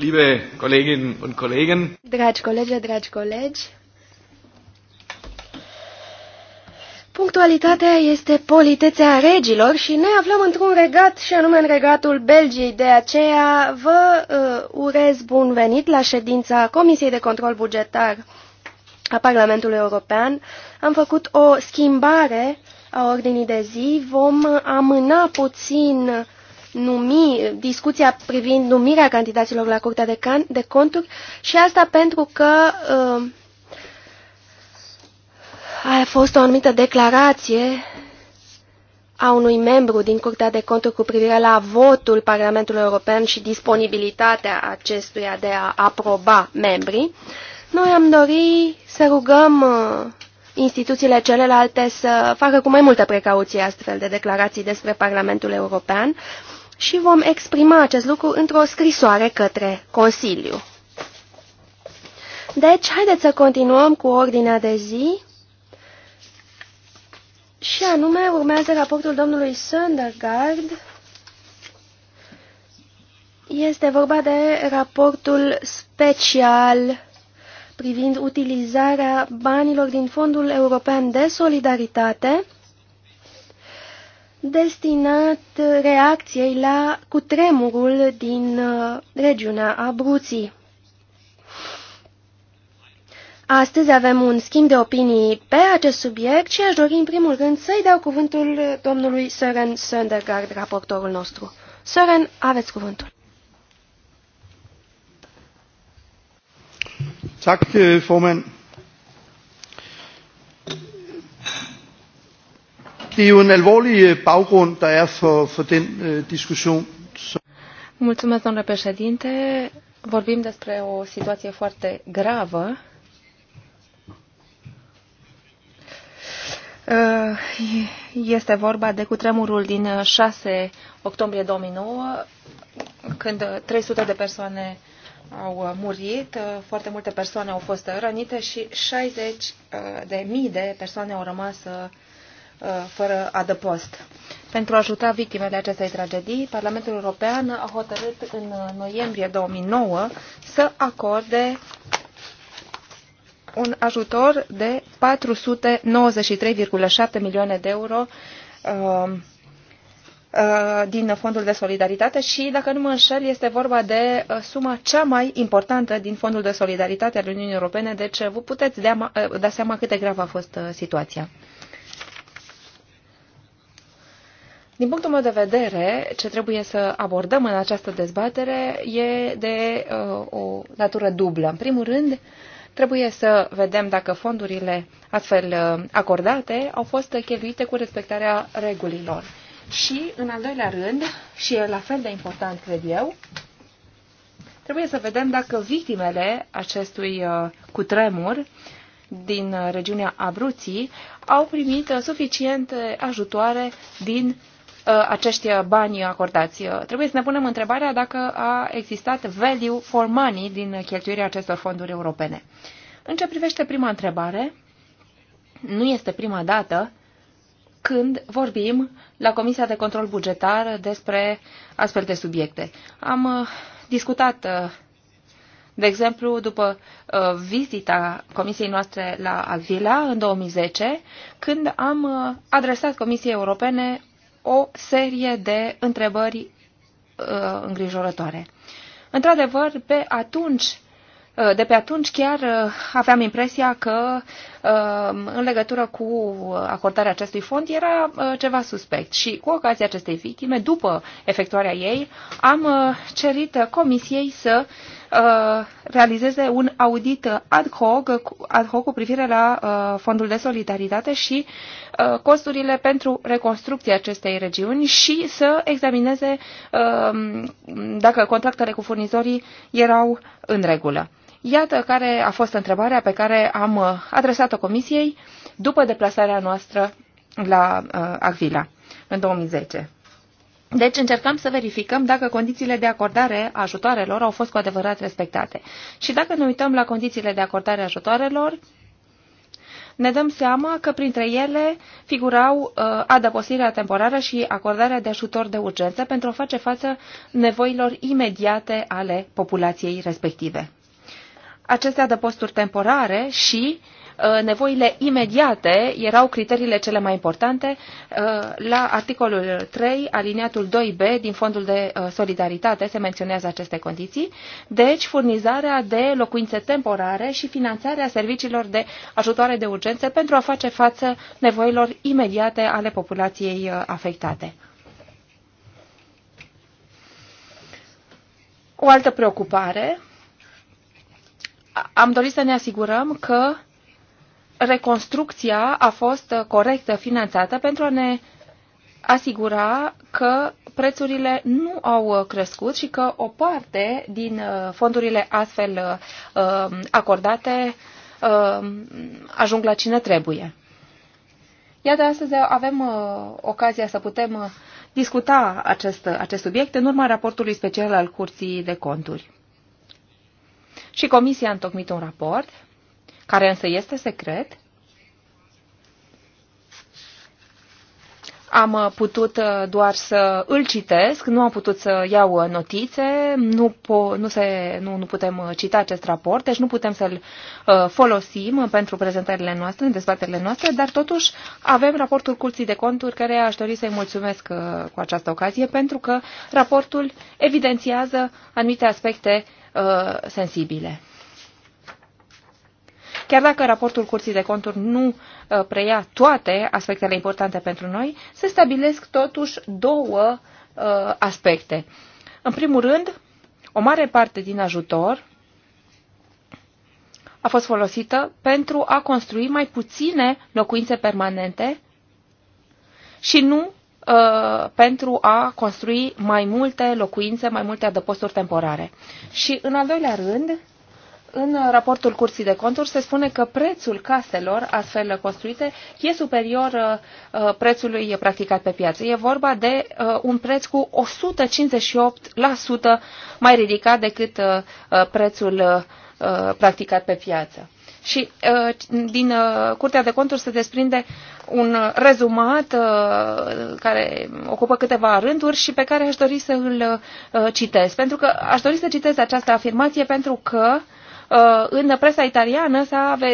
liebe Kolleginnen und Kollegen. Dragi colegi, dragi colegi. Punctualitatea este politețea regilor și ne aflăm într-un regat și anume în regatul Belgiei. De aceea vă uh, urez bun venit la ședința Comisiei de Control Bugetar a Parlamentului European. Am făcut o schimbare a ordinii de zi. Vom amâna puțin uh, numi, discuția privind numirea candidaților la Curtea de, can, de Conturi și asta pentru că uh, a fost o anumită declarație a unui membru din Curtea de Conturi cu privire la votul Parlamentului European și disponibilitatea acestuia de a aproba membrii. Noi am dori să rugăm uh, instituțiile celelalte să facă cu mai multă precauție astfel de declarații despre Parlamentul European și vom exprima acest lucru într-o scrisoare către Consiliu. Deci, haideți să continuăm cu ordinea de zi. Și anume, urmează raportul domnului Söndergaard. Este vorba de raportul special privind utilizarea banilor din Fondul European de Solidaritate destinat reacției la cutremurul din uh, regiunea Abruții. Astăzi avem un schimb de opinii pe acest subiect și aș dori în primul rând să-i dau cuvântul domnului Søren Söndergaard, raportorul nostru. Søren, aveți cuvântul. Tak, øh, formand. det er jo en alvorlig øh, baggrund, der er for, for den øh, diskussion. Mulțumesc, domnule președinte. Vorbim despre o situație foarte gravă. Uh, este vorba de cutremurul din 6 uh, octombrie 2009, când 300 de persoane au uh, murit, foarte multe persoane au fost rănite și 60 de mii de persoane au rămas Uh, fără adăpost. Pentru a ajuta victimele acestei tragedii, Parlamentul European a hotărât în uh, noiembrie 2009 să acorde un ajutor de 493,7 milioane de euro uh, din Fondul de Solidaritate și, dacă nu mă înșel, este vorba de suma cea mai importantă din Fondul de Solidaritate al Uniunii Europene, deci vă puteți da seama cât de gravă a fost situația. Din punctul meu de vedere, ce trebuie să abordăm în această dezbatere e de uh, o natură dublă. În primul rând, trebuie să vedem dacă fondurile astfel uh, acordate au fost cheltuite cu respectarea regulilor. Și, în al doilea rând, și e la fel de important, cred eu, trebuie să vedem dacă victimele acestui uh, cutremur din uh, regiunea Abruții au primit suficiente ajutoare din Uh, acești bani acordați. Uh, trebuie să ne punem întrebarea dacă a existat value for money din cheltuirea acestor fonduri europene. În ce privește prima întrebare, nu este prima dată când vorbim la Comisia de Control Bugetar despre astfel de subiecte. Am uh, discutat, de exemplu, după vizita Comisiei noastre la Avila în 2010, când am adresat Comisiei Europene o serie de întrebări uh, îngrijorătoare. Într-adevăr, pe atunci uh, de pe atunci chiar uh, aveam impresia că uh, în legătură cu acordarea acestui fond era ceva suspect și cu ocazia acestei victime, după efectuarea ei, am cerit comisiei să uh, Uh, realizeze un audit ad hoc, ad hoc cu privire la uh, fondul de solidaritate și uh, costurile pentru reconstrucția acestei regiuni și să examineze dacă contractele cu furnizorii erau în regulă. Iată care a fost întrebarea pe care am adresat-o Comisiei după deplasarea noastră la Avila în 2010. Deci încercăm să verificăm dacă condițiile de acordare a ajutoarelor au fost cu adevărat respectate. Și dacă ne uităm la condițiile de acordare a ajutoarelor, ne dăm seama că printre ele figurau uh, adăposirea temporară și acordarea de ajutor de urgență pentru a face față nevoilor imediate ale populației respective. Aceste adăposturi temporare și Uh, nevoile imediate erau criteriile cele mai importante uh, la articolul 3, aliniatul 2b din Fondul de uh, Solidaritate se menționează aceste condiții, deci furnizarea de locuințe temporare și finanțarea serviciilor de ajutoare de urgență pentru a face față nevoilor imediate ale populației afectate. O altă preocupare am dorit să ne asigurăm că reconstrucția a fost uh, corectă finanțată pentru a ne asigura că prețurile nu au uh, crescut și că o parte din uh, fondurile astfel acordate ajung la cine trebuie. Iată, astăzi avem ocazia să putem discuta acest, acest subiect în urma raportului special al Curții de Conturi. Și Comisia a întocmit un raport care însă este secret, Am putut uh, doar să îl citesc, nu am putut să iau uh, notițe, nu, po, nu, se, nu, nu putem uh, cita acest raport, deci nu putem să-l folosim pentru prezentările noastre, în dezbaterile noastre, dar totuși avem raportul Curții de Conturi, care aș dori să-i mulțumesc cu această ocazie, pentru că raportul evidențiază anumite aspecte sensibile. Chiar dacă raportul Curții de Conturi nu uh, preia toate aspectele importante pentru noi, se stabilesc totuși două uh, aspecte. În primul rând, o mare parte din ajutor a fost folosită pentru a construi mai puține locuințe permanente și nu uh, pentru a construi mai multe locuințe, mai multe adăposturi temporare. Și în al doilea rând, în raportul Curții de Conturi se spune că prețul caselor astfel construite e superior uh, uh, prețului practicat pe piață. E vorba de uh, un preț cu 158% mai ridicat decât prețul practicat pe piață. Și din Curtea de Conturi se desprinde un rezumat care ocupă câteva rânduri și pe care aș dori să îl citesc. Pentru că aș dori să citesc această afirmație pentru că uh, Uh, în presa italiană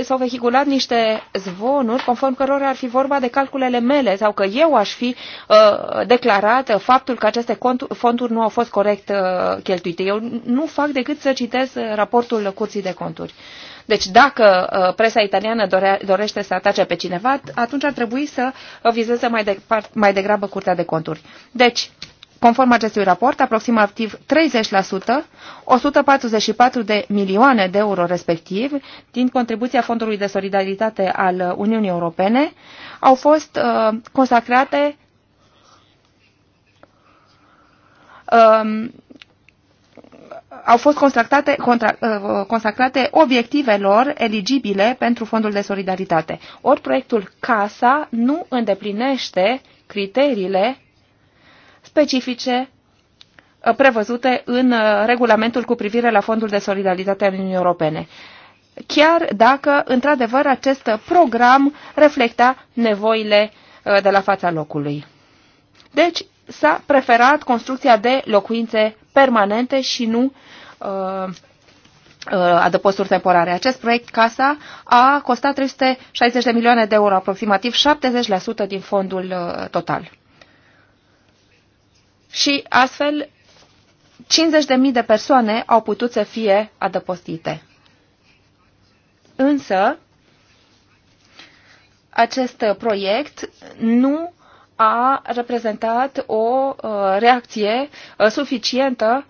s-au vehiculat niște zvonuri conform cărora ar fi vorba de calculele mele sau că eu aș fi uh, declarat faptul că aceste fonduri nu au fost corect uh, cheltuite. Eu nu fac decât să citesc raportul Curții de Conturi. Deci dacă presa italiană dorește să atace pe cineva, atunci ar trebui să vizeze mai, de, mai degrabă Curtea de Conturi. Deci, Conform acestui raport, aproximativ 30%, 144 de milioane de euro respectiv, din contribuția Fondului de Solidaritate al Uniunii Europene, au fost uh, consacrate um, au fost consacrate, contra, uh, consacrate obiectivelor eligibile pentru Fondul de Solidaritate. Ori proiectul CASA nu îndeplinește criteriile specifice uh, prevăzute în uh, regulamentul cu privire la Fondul de Solidaritate al Uniunii Europene, chiar dacă, într-adevăr, acest program reflecta nevoile uh, de la fața locului. Deci, s-a preferat construcția de locuințe permanente și nu uh, adăposturi temporare. Acest proiect CASA a costat 360 de milioane de euro, aproximativ 70% din fondul total și astfel 50.000 de persoane au putut să fie adăpostite. Însă, acest proiect nu a reprezentat o uh, reacție uh, suficientă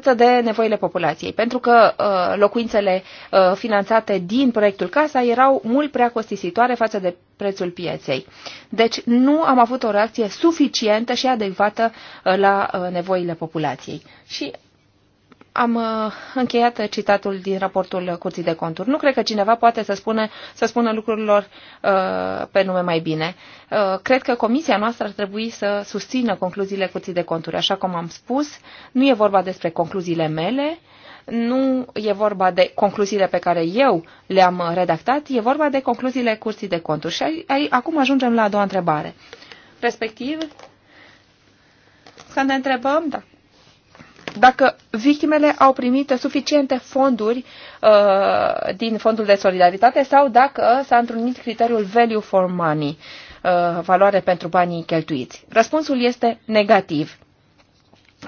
față de nevoile populației, pentru că uh, locuințele uh, finanțate din proiectul Casa erau mult prea costisitoare față de prețul pieței. Deci nu am avut o reacție suficientă și adecvată uh, la uh, nevoile populației. Și am uh, încheiat citatul din raportul Curții de Conturi. Nu cred că cineva poate să, spune, să spună lucrurilor uh, pe nume mai bine. Uh, cred că comisia noastră ar trebui să susțină concluziile Curții de Conturi. Așa cum am spus, nu e vorba despre concluziile mele, nu e vorba de concluziile pe care eu le-am redactat, e vorba de concluziile Curții de Conturi. Și ai, ai, acum ajungem la a doua întrebare. Respectiv, să ne întrebăm, da, dacă victimele au primit suficiente fonduri uh, din fondul de solidaritate sau dacă s-a întrunit criteriul value for money, uh, valoare pentru banii cheltuiți. Răspunsul este negativ.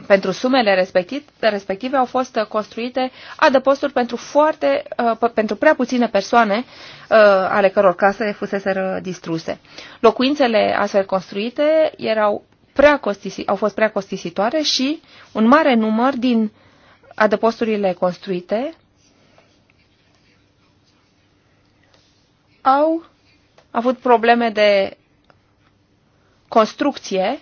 Pentru sumele respective, respective au fost construite adăposturi pentru, foarte, uh, pentru prea puține persoane uh, ale căror case fusese distruse. Locuințele astfel construite erau prea costisi, au fost prea costisitoare și un mare număr din adăposturile construite au avut probleme de construcție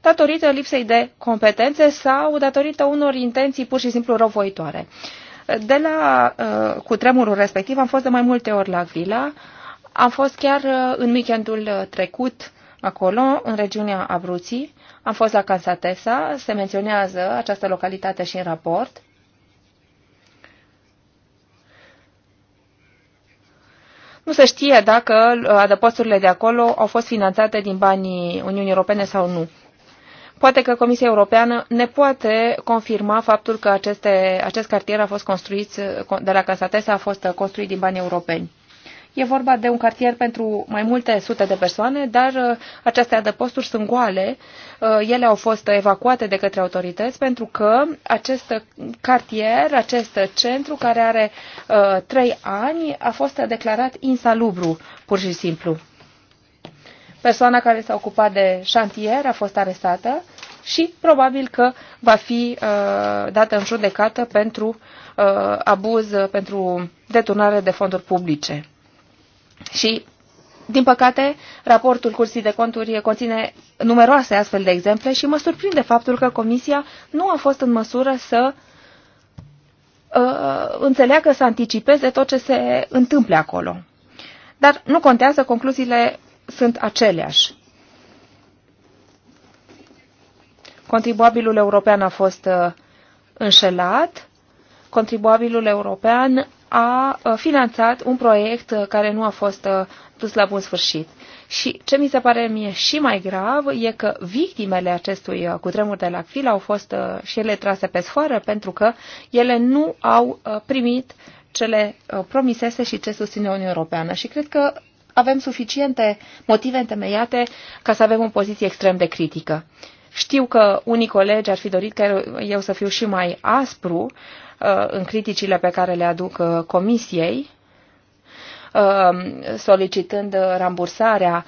datorită lipsei de competențe sau datorită unor intenții pur și simplu răvoitoare. De la uh, cu cutremurul respectiv am fost de mai multe ori la Vila, am fost chiar uh, în weekendul trecut Acolo, în regiunea Abruții, am fost la Cansatesa, se menționează această localitate și în raport. Nu se știe dacă uh, adăposturile de acolo au fost finanțate din banii Uniunii Europene sau nu. Poate că Comisia Europeană ne poate confirma faptul că aceste, acest cartier a fost construit, uh, de la Casatesa a fost uh, construit din bani europeni. E vorba de un cartier pentru mai multe sute de persoane, dar uh, aceste adăposturi sunt goale. Uh, ele au fost evacuate de către autorități pentru că acest cartier, acest centru care are uh, trei ani, a fost declarat insalubru, pur și simplu. Persoana care s-a ocupat de șantier a fost arestată și probabil că va fi uh, dată în judecată pentru uh, abuz, pentru deturnare de fonduri publice. Și, din păcate, raportul Curții de Conturi conține numeroase astfel de exemple și mă surprinde faptul că Comisia nu a fost în măsură să uh, înțeleagă, să anticipeze tot ce se întâmple acolo. Dar nu contează, concluziile sunt aceleași. Contribuabilul european a fost uh, înșelat, contribuabilul european a finanțat un proiect uh, care nu a fost uh, dus la bun sfârșit. Și ce mi se pare mie și mai grav e că victimele acestui uh, cutremur de la Acvila au fost și ele trase pe sfoară pentru că ele nu au primit cele promisese și ce susține Uniunea Europeană. Și cred că avem suficiente motive întemeiate ca să avem o poziție extrem de critică. Știu că unii colegi ar fi dorit că eu să fiu și mai aspru, Uh, în criticile pe care le aduc uh, Comisiei, uh, solicitând rambursarea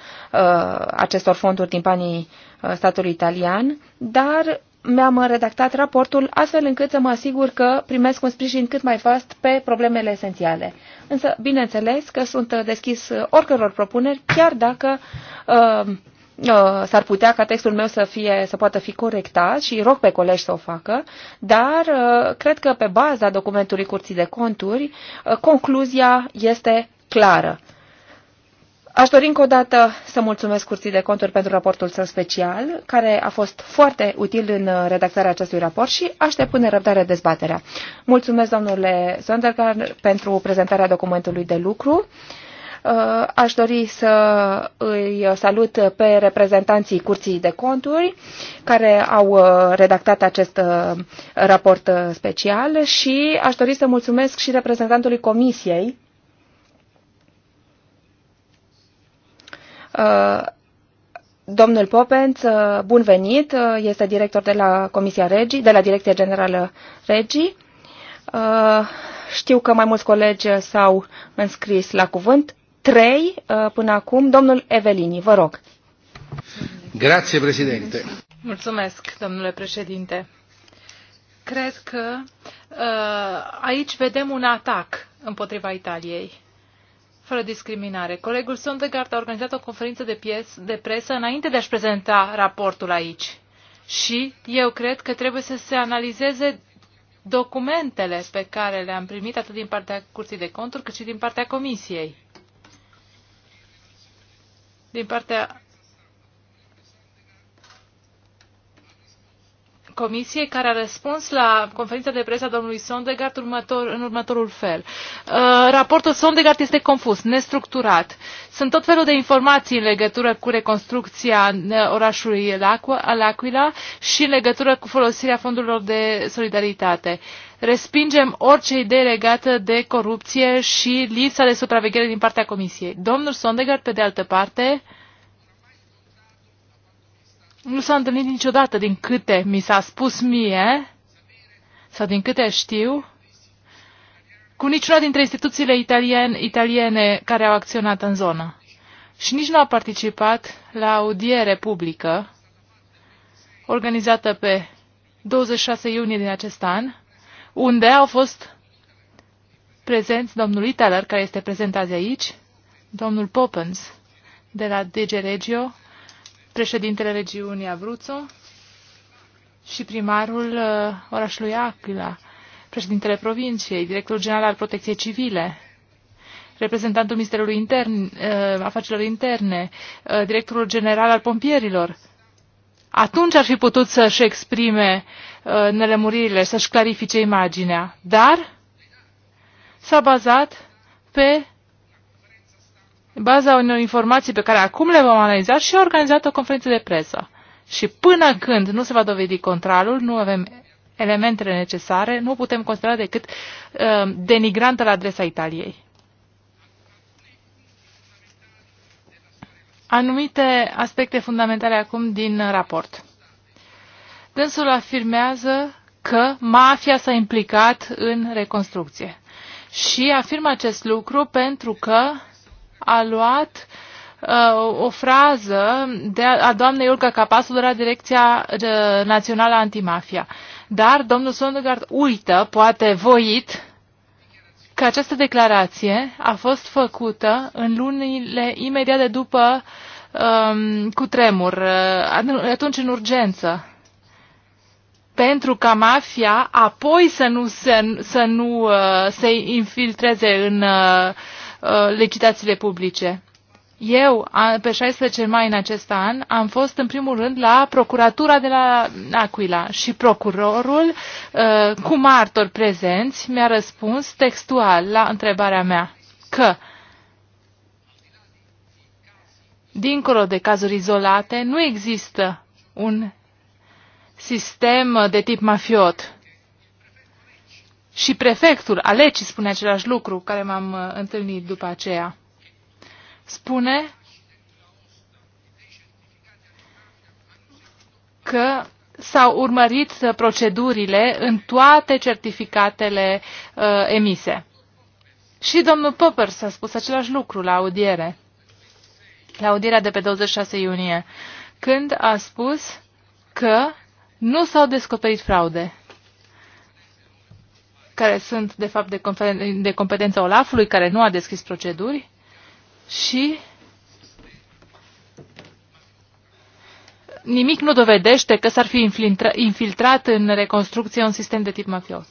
acestor fonduri din banii statului italian, dar mi-am redactat raportul astfel încât să mă asigur că primesc un sprijin cât mai fast pe problemele esențiale. Însă, bineînțeles că sunt deschis oricăror propuneri, chiar dacă uh, Uh, s-ar putea ca textul meu să, fie, să poată fi corectat și rog pe colegi să o facă, dar uh, cred că pe baza documentului Curții de Conturi, uh, concluzia este clară. Aș dori încă o dată să mulțumesc Curții de Conturi pentru raportul său special, care a fost foarte util în redactarea acestui raport și aștept în răbdare dezbaterea. Mulțumesc, domnule Sondergaard, pentru prezentarea documentului de lucru. Uh, aș dori să îi salut pe reprezentanții Curții de Conturi care au uh, redactat acest uh, raport special și aș dori să mulțumesc și reprezentantului Comisiei Domnul Popenț, bun venit, este director de la Comisia Regii, de la Direcția Generală Regii. Știu că mai mulți colegi s-au înscris la cuvânt trei uh, până acum. Domnul Evelini, vă rog. Grazie, președinte. Mulțumesc, domnule președinte. Cred că uh, aici vedem un atac împotriva Italiei, fără discriminare. Colegul Sondegard a organizat o conferință de, pies, de presă înainte de a-și prezenta raportul aici. Și eu cred că trebuie să se analizeze documentele pe care le-am primit atât din partea Curții de Conturi cât și din partea Comisiei din partea Comisiei care a răspuns la conferința de presă a domnului Sondegard următor, în următorul fel. Uh, raportul Sondegard este confuz, nestructurat. Sunt tot felul de informații în legătură cu reconstrucția uh, orașului L'Aquila și în legătură cu folosirea fondurilor de solidaritate. Uh, respingem orice idee legată de corupție și lipsa de supraveghere din partea Comisiei. Domnul Sondegard, pe de altă parte, nu s-a întâlnit niciodată, din câte mi s-a spus mie, sau din câte știu, cu niciuna dintre instituțiile italien, italiene care au acționat în zonă. Și nici nu a participat la audiere publică organizată pe 26 iunie din acest an, unde au fost prezenți domnul Italer, care este prezent azi aici, domnul Popens de la DG Regio, președintele regiunii Abruzzo și primarul uh, orașului Aquila, președintele provinciei, directorul general al protecției civile, reprezentantul Ministerului Intern, uh, Afacerilor Interne, uh, directorul general al pompierilor, atunci ar fi putut să-și exprime uh, nelămuririle, să-și clarifice imaginea, dar s-a bazat pe baza unor informații pe care acum le vom analiza și a organizat o conferință de presă. Și până când nu se va dovedi contralul, nu avem elementele necesare, nu putem considera decât uh, denigrantă la adresa Italiei. anumite aspecte fundamentale acum din raport. Dânsul afirmează că mafia s-a implicat în reconstrucție. Și afirmă acest lucru pentru că a luat uh, o frază de a, a doamnei Iulca Capasul de la Direcția uh, Națională Antimafia. Dar domnul Sondegard uită, poate voit, că această declarație a fost făcută în lunile imediate după um, cu tremur, uh, atunci în urgență. Pentru ca mafia apoi să nu se, să nu, uh, se infiltreze în uh, uh licitațiile publice. Eu, pe 16 mai în acest an, am fost în primul rând la procuratura de la Aquila și procurorul uh, cu martori prezenți mi-a răspuns textual la întrebarea mea că dincolo de cazuri izolate nu există un sistem de tip mafiot. Și prefectul Aleci spune același lucru, care m-am uh, întâlnit după aceea spune că s-au urmărit procedurile în toate certificatele uh, emise. Și domnul Popper s-a spus același lucru la audiere, la audierea de pe 26 iunie, când a spus că nu s-au descoperit fraude care sunt, de fapt, de, de competența Olafului, care nu a deschis proceduri, și nimic nu dovedește că s-ar fi infiltrat în reconstrucție un sistem de tip mafios.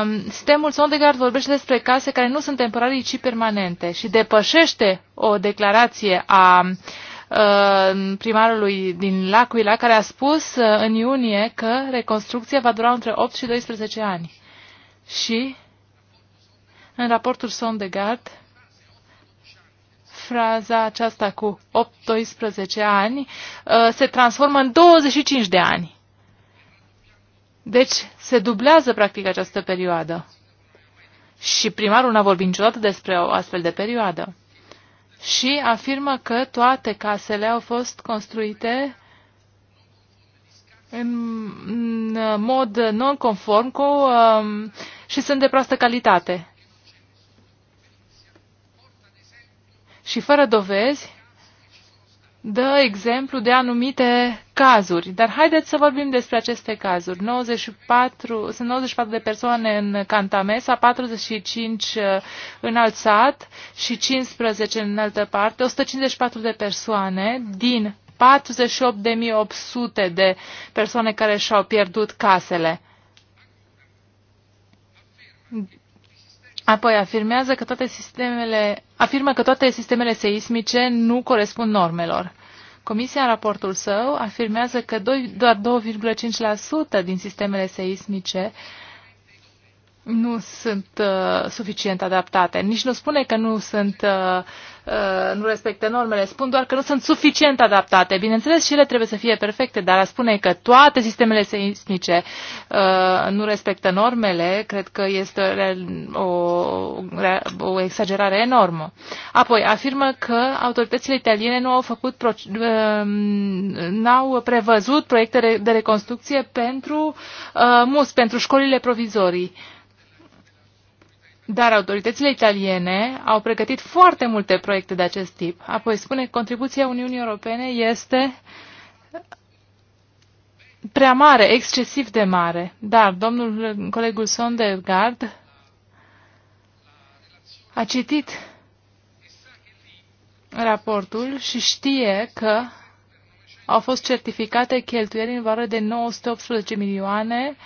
Um, sistemul Sondegard vorbește despre case care nu sunt temporarii, ci permanente și depășește o declarație a um, primarului din Lacuila, care a spus uh, în iunie că reconstrucția va dura între 8 și 12 ani. Și în raportul Sondegard, fraza aceasta cu 8-12 ani uh, se transformă în 25 de ani. Deci se dublează practic această perioadă. Și primarul n-a vorbit niciodată despre o astfel de perioadă. Și afirmă că toate casele au fost construite în mod non-conform cu, um, și sunt de proastă calitate. și fără dovezi dă exemplu de anumite cazuri. Dar haideți să vorbim despre aceste cazuri. 94, sunt 94 de persoane în Cantamesa, 45 uh, în alt sat și 15 în altă parte, 154 de persoane din 48.800 de persoane care și-au pierdut casele. Apoi afirmează că toate sistemele, afirmă că toate sistemele seismice nu corespund normelor. Comisia, în raportul său, afirmează că doi, doar 2,5% din sistemele seismice uh, nu sunt uh, suficient adaptate. Nici nu spune că nu sunt uh, uh, nu respectă normele, spun doar că nu sunt suficient adaptate. Bineînțeles, și ele trebuie să fie perfecte, dar a spune că toate sistemele seismice uh, nu respectă normele, cred că este o, o exagerare enormă. Apoi, afirmă că autoritățile italiene nu au făcut uh, n-au prevăzut proiecte de reconstrucție pentru uh, MUS, pentru școlile provizorii. Uh, dar autoritățile italiene au pregătit foarte multe proiecte de acest tip. Apoi spune că contribuția Uniunii Europene este prea mare, excesiv de mare. Dar domnul colegul Sondergaard a citit raportul și știe că au fost certificate cheltuieli în valoare de 918 milioane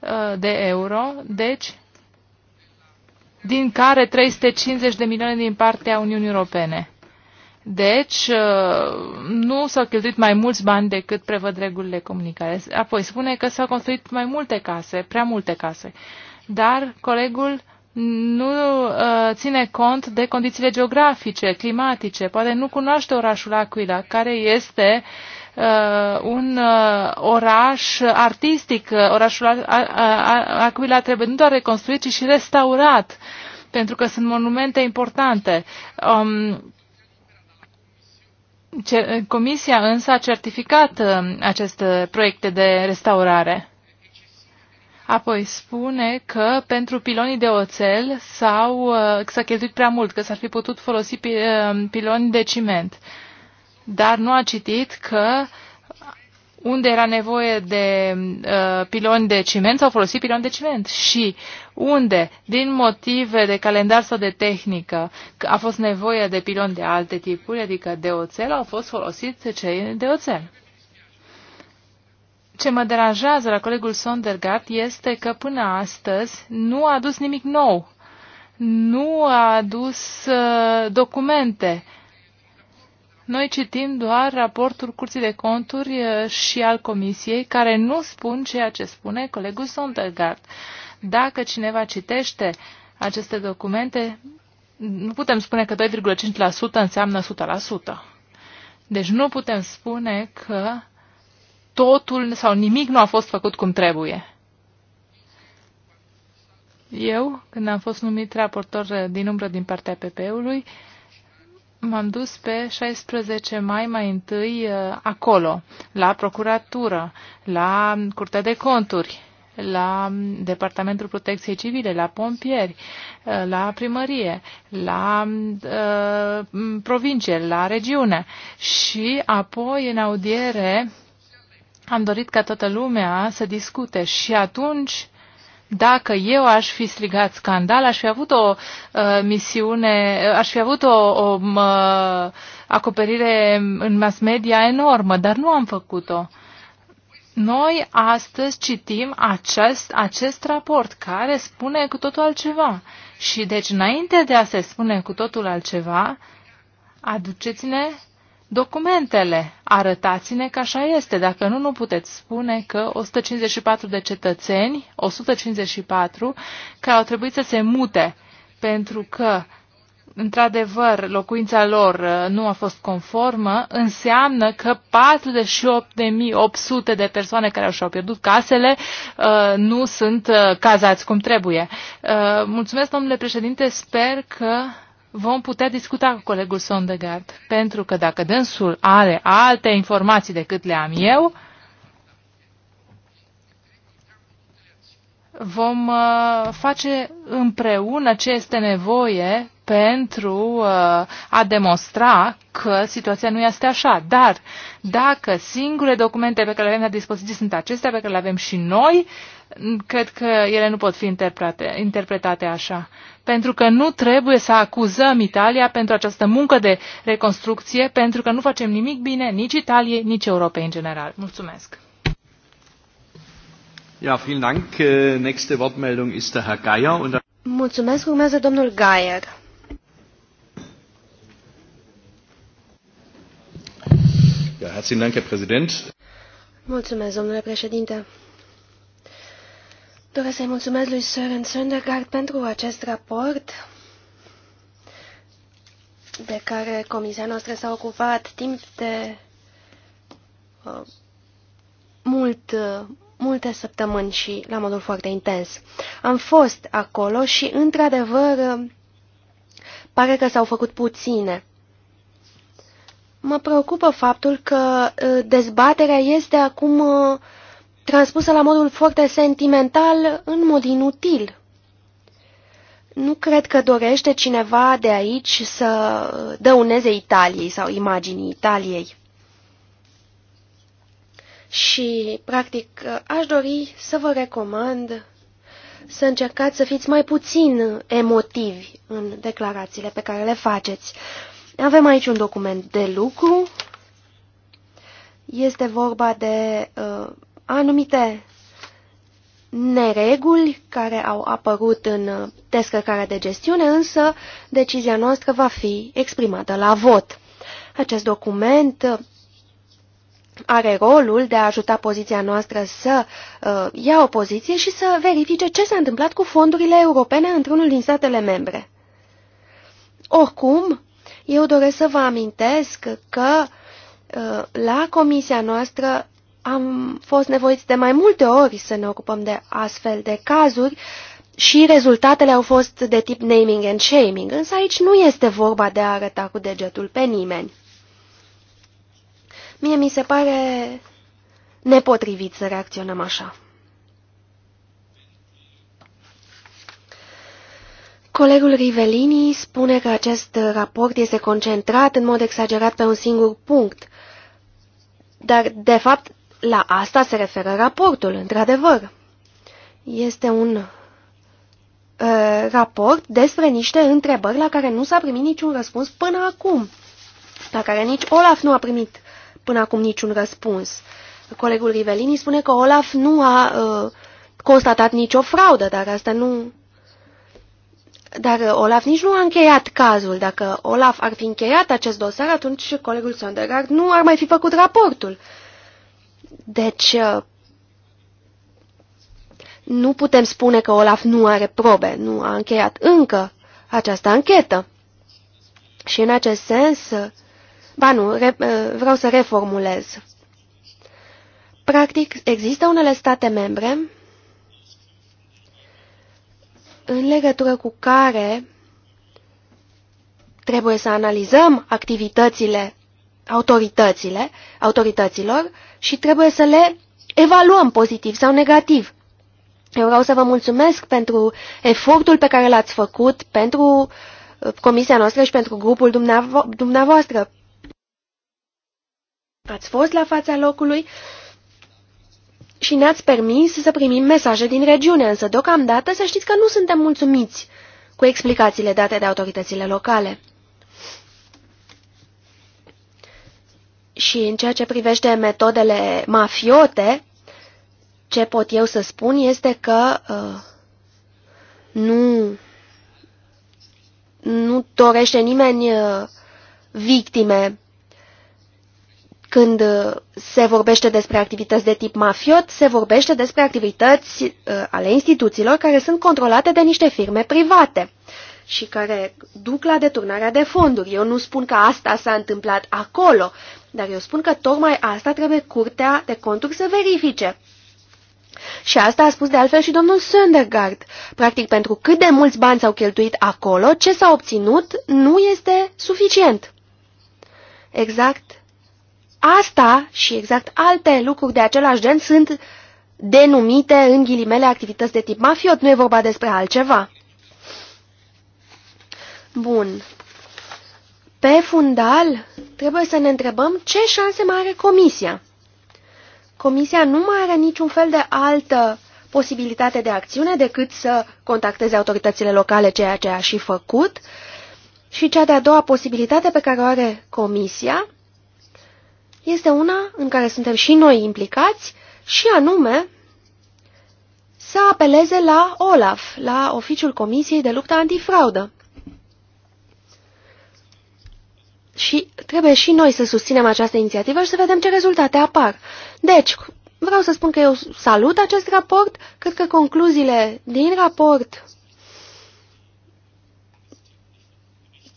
uh, de euro, deci din care 350 de milioane din partea Uniunii Europene. Deci, uh, nu s-au cheltuit mai mulți bani decât prevăd regulile comunicare. Apoi, spune că s-au construit mai multe case, prea multe case. Dar colegul nu uh, ține cont de condițiile geografice, climatice. Poate nu cunoaște orașul Aquila, care este uh, Uh, un uh, oraș artistic. Uh, orașul Aquila trebuie nu doar reconstruit, ci și restaurat, pentru că sunt monumente importante. Um, Comisia însă a certificat aceste proiecte de restaurare. Apoi spune că pentru pilonii de oțel s-au, a cheltuit prea mult, că s-ar fi putut folosi piloni de ciment. Uh, dar nu a citit că unde era nevoie de uh, piloni de ciment, s-au folosit piloni de ciment. Și unde, din motive de calendar sau de tehnică, a fost nevoie de piloni de alte tipuri, adică de oțel, au fost folosiți cei de oțel. Ce mă deranjează la colegul Sondergaard este că până astăzi nu a adus nimic nou. Nu a adus uh, documente, noi citim doar raportul Curții de Conturi eh, și al Comisiei, care nu spun ceea ce spune colegul Sondergaard. Dacă cineva citește aceste documente, nu putem spune că 2,5% înseamnă 100%. Deci nu putem spune că totul sau nimic nu a fost făcut cum trebuie. Eu, când am fost numit raportor eh, din umbră din partea PP-ului, uh, m-am dus pe 16 mai mai întâi uh, acolo, la procuratură, la Curtea de Conturi, la Departamentul Protecției Civile, la pompieri, uh, la primărie, la uh, provincie, la regiune. Și apoi, în audiere, am dorit ca toată lumea să discute și atunci dacă eu aș fi strigat scandal, aș fi avut o uh, misiune, uh, aș fi avut o, o mă, um, uh, acoperire în mass media enormă, dar nu am făcut-o. Noi astăzi citim acest, acest raport care spune cu totul altceva. Și deci, înainte de a se spune cu totul altceva, aduceți-ne documentele. Arătați-ne că așa este. Dacă nu, nu puteți spune că 154 de cetățeni, 154, care au trebuit să se mute pentru că, într-adevăr, locuința lor uh, nu a fost conformă, înseamnă că 48.800 de persoane care și-au pierdut casele uh, nu sunt uh, cazați cum trebuie. Mulțumesc, domnule președinte, sper că vom putea discuta cu colegul Sondegard, pentru că dacă dânsul are alte informații decât le am eu, vom uh, face împreună ce este nevoie pentru uh, a demonstra că situația nu este așa. Dar dacă singure documente pe care le avem la dispoziție sunt acestea pe care le avem și noi, uh, cred că ele nu pot fi interpretate, interpretate așa. Pentru că nu trebuie să acuzăm Italia pentru această muncă de reconstrucție, pentru că nu facem nimic bine nici Italiei, nici Europei în general. Mulțumesc! Ja, vielen Dank. Äh, nächste Wortmeldung ist der Herr Geier. Und Mulțumesc, urmează domnul Geier. Ja, herzlichen Dank, Herr Präsident. Mulțumesc, domnule președinte. Doresc să-i mulțumesc lui Søren Søndergaard pentru acest raport de care comisia noastră s-a ocupat timp de uh, mult, uh, multe săptămâni și la modul foarte intens. Am fost acolo și, într-adevăr, uh, pare că s-au făcut puține. Mă preocupă faptul că uh, dezbaterea este acum uh, transpusă la modul foarte sentimental, în mod inutil. Nu cred că dorește cineva de aici să dăuneze Italiei sau imaginii Italiei. Și, practic, aș dori să vă recomand să încercați să fiți mai puțin emotivi în declarațiile pe care le faceți. Avem aici un document de lucru. Este vorba de uh, anumite nereguli care au apărut în descărcarea de gestiune, însă decizia noastră va fi exprimată la vot. Acest document are rolul de a ajuta poziția noastră să uh, ia o poziție și să verifice ce s-a întâmplat cu fondurile europene într-unul din statele membre. Oricum, eu doresc să vă amintesc că uh, la comisia noastră am fost nevoiți de mai multe ori să ne ocupăm de astfel de cazuri și rezultatele au fost de tip naming and shaming, însă aici nu este vorba de a arăta cu degetul pe nimeni. Mie mi se pare nepotrivit să reacționăm așa. Colegul Rivelini spune că acest raport este concentrat în mod exagerat pe un singur punct, dar, de fapt, la asta se referă raportul, într-adevăr. Este un uh, raport despre niște întrebări la care nu s-a primit niciun răspuns până acum, la care nici Olaf nu a primit până acum niciun răspuns. Colegul Rivelini spune că Olaf nu a uh, constatat nicio fraudă, dar asta nu... Dar Olaf nici nu a încheiat cazul. Dacă Olaf ar fi încheiat acest dosar, atunci colegul Sondergaard nu ar mai fi făcut raportul. Uh, deci, uh, nu putem spune că Olaf nu are probe, nu a încheiat încă această anchetă. Și în acest sens, uh, ba nu, re, uh, vreau să reformulez. Practic, există unele state membre în legătură cu care trebuie să analizăm activitățile autoritățile, autorităților și trebuie să le evaluăm pozitiv sau negativ. Eu vreau să vă mulțumesc pentru efortul pe care l-ați făcut pentru uh, comisia noastră și pentru grupul dumneavo dumneavoastră. Ați fost la fața locului și ne-ați permis să primim mesaje din regiune, însă deocamdată să știți că nu suntem mulțumiți cu explicațiile date de autoritățile locale. Și în ceea ce privește metodele mafiote, ce pot eu să spun este că uh, nu, nu dorește nimeni uh, victime când uh, se vorbește despre activități de tip mafiot, se vorbește despre activități uh, ale instituțiilor care sunt controlate de niște firme private și care duc la deturnarea de fonduri. Eu nu spun că asta s-a întâmplat acolo, dar eu spun că tocmai asta trebuie curtea de conturi să verifice. Și asta a spus de altfel și domnul Söndergaard. Practic, pentru cât de mulți bani s-au cheltuit acolo, ce s-a obținut nu este suficient. Exact asta și exact alte lucruri de același gen sunt denumite în ghilimele activități de tip mafiot, nu e vorba despre altceva. Bun. Pe fundal, trebuie să ne întrebăm ce șanse mai are Comisia. Comisia nu mai are niciun fel de altă posibilitate de acțiune decât să contacteze autoritățile locale, ceea ce a și făcut. Și cea de-a doua posibilitate pe care o are Comisia este una în care suntem și noi implicați, și anume să apeleze la OLAF, la Oficiul Comisiei de Luptă Antifraudă. Și trebuie și noi să susținem această inițiativă și să vedem ce rezultate apar. Deci, vreau să spun că eu salut acest raport, cred că concluziile din raport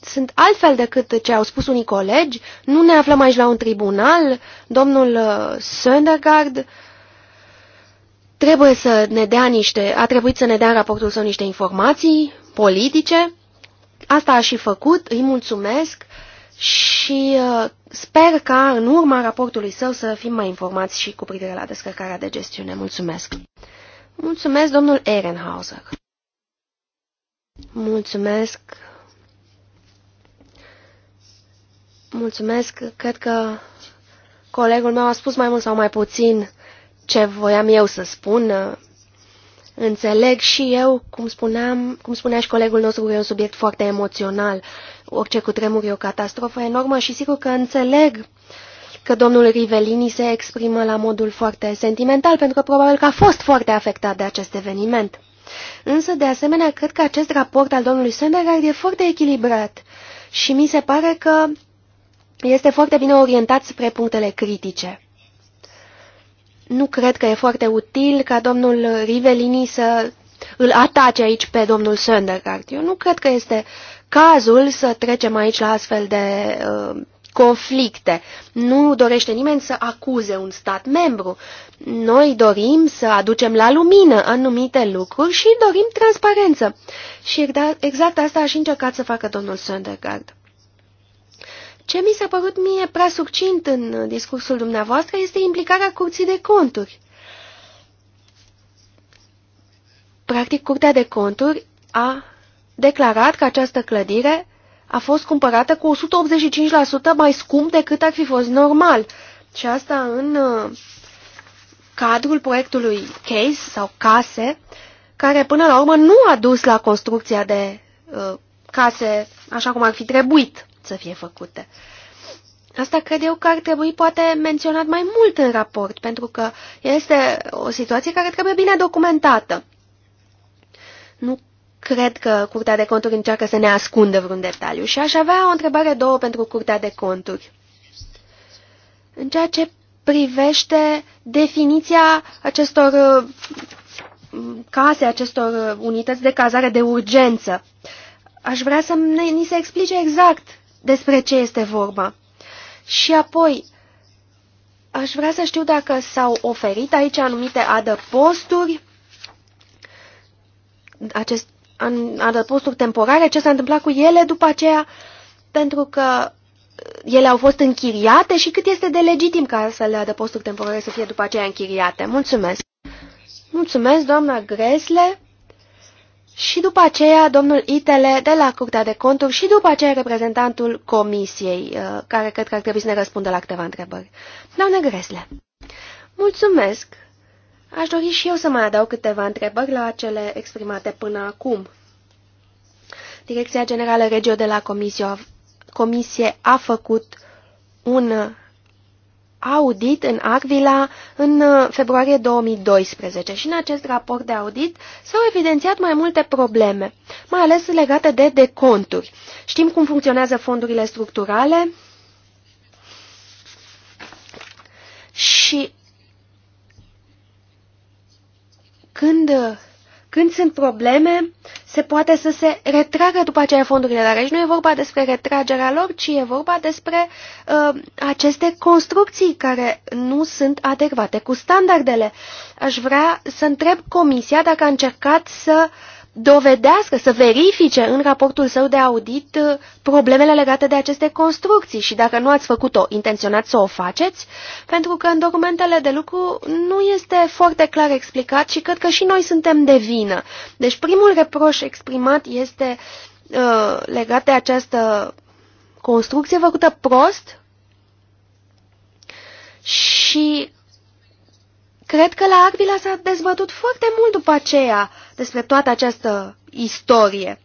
sunt altfel decât ce au spus unii colegi. Nu ne aflăm aici la un tribunal. Domnul uh, Söndergaard trebuie să ne dea niște, a trebuit să ne dea în raportul său niște informații politice. Asta a și făcut, îi mulțumesc și uh, sper ca în urma raportului său să fim mai informați și cu privire la descărcarea de gestiune. Mulțumesc! Mulțumesc, domnul Ehrenhauser! Mulțumesc! Mulțumesc! Cred că colegul meu a spus mai mult sau mai puțin ce voiam eu să spun. Înțeleg și eu, cum, spuneam, cum spunea și colegul nostru, e un subiect foarte emoțional orice cutremur e o catastrofă enormă și sigur că înțeleg că domnul Rivelini se exprimă la modul foarte sentimental, pentru că probabil că a fost foarte afectat de acest eveniment. Însă, de asemenea, cred că acest raport al domnului Söndergaard e foarte echilibrat și mi se pare că este foarte bine orientat spre punctele critice. Nu cred că e foarte util ca domnul Rivelini să îl atace aici pe domnul Söndergaard. Eu nu cred că este cazul să trecem aici la astfel de uh, conflicte. Nu dorește nimeni să acuze un stat membru. Noi dorim să aducem la lumină anumite lucruri și dorim transparență. Și exact asta a și încercat să facă domnul Söndergaard. Ce mi s-a părut mie prea succint în discursul dumneavoastră este implicarea curții de conturi. Practic, curtea de conturi a declarat că această clădire a fost cumpărată cu 185% mai scump decât ar fi fost normal. Și asta în uh, cadrul proiectului Case sau Case, care până la urmă nu a dus la construcția de uh, case așa cum ar fi trebuit să fie făcute. Asta cred eu că ar trebui poate menționat mai mult în raport, pentru că este o situație care trebuie bine documentată. Nu cred că Curtea de Conturi încearcă să ne ascundă vreun detaliu și aș avea o întrebare două pentru Curtea de Conturi. În ceea ce privește definiția acestor case, acestor unități de cazare de urgență, aș vrea să ne, ni se explice exact despre ce este vorba. Și apoi, aș vrea să știu dacă s-au oferit aici anumite adăposturi acest, adăposturi temporare, ce s-a întâmplat cu ele după aceea, pentru că ele au fost închiriate și cât este de legitim ca le adăposturi temporare să fie după aceea închiriate. Mulțumesc! Mulțumesc, doamna Gresle! Și după aceea, domnul Itele de la Curtea de Conturi și după aceea reprezentantul Comisiei, uh, care cred că ar trebui să ne răspundă la câteva întrebări. Doamne Gresle! Mulțumesc! Aș dori și eu să mai adaug câteva întrebări la cele exprimate până acum. Direcția Generală Regio de la Comisio, Comisie a făcut un audit în Arvila în februarie 2012 și în acest raport de audit s-au evidențiat mai multe probleme, mai ales legate de deconturi. Știm cum funcționează fondurile structurale și când, când sunt probleme, se poate să se retragă după aceea fondurile, dar aici nu e vorba despre retragerea lor, ci e vorba despre uh, aceste construcții care nu sunt adecvate cu standardele. Aș vrea să întreb Comisia dacă a încercat să uh, dovedească, să verifice în raportul său de audit uh, problemele legate de aceste construcții și dacă nu ați făcut-o, intenționați să o faceți, pentru că în documentele de lucru nu este foarte clar explicat și cred că și noi suntem de vină. Deci primul reproș exprimat este uh, legat de această construcție făcută prost și cred că la Arvila s-a dezbătut foarte mult după aceea despre toată această istorie.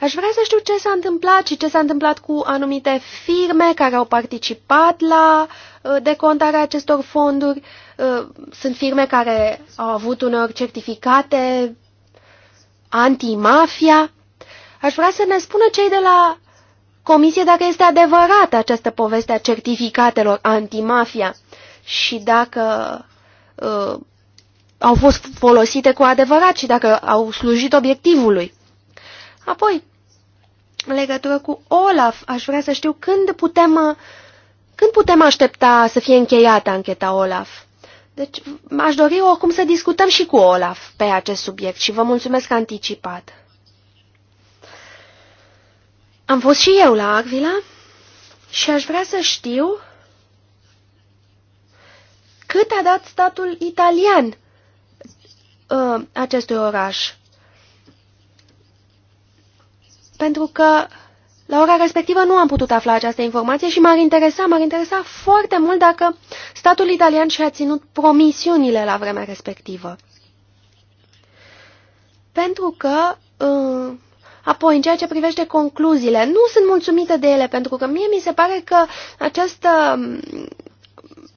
Aș vrea să știu ce s-a întâmplat și ce s-a întâmplat cu anumite firme care au participat la uh, decontarea acestor fonduri. Uh, sunt firme care au avut uneori certificate antimafia. Aș vrea să ne spună cei de la comisie dacă este adevărată această poveste a certificatelor antimafia și dacă uh, au fost folosite cu adevărat și dacă au slujit obiectivului. Apoi, în legătură cu Olaf, aș vrea să știu când putem, când putem aștepta să fie încheiată ancheta Olaf. Deci aș dori oricum să discutăm și cu Olaf pe acest subiect și vă mulțumesc anticipat. Am fost și eu la Agvila și aș vrea să știu cât a dat statul italian uh, acestui oraș. Pentru că la ora respectivă nu am putut afla această informație și m-ar interesa, m-ar interesa foarte mult dacă statul italian și-a ținut promisiunile la vremea respectivă. Pentru că, uh, apoi, în ceea ce privește concluziile, nu sunt mulțumită de ele, pentru că mie mi se pare că această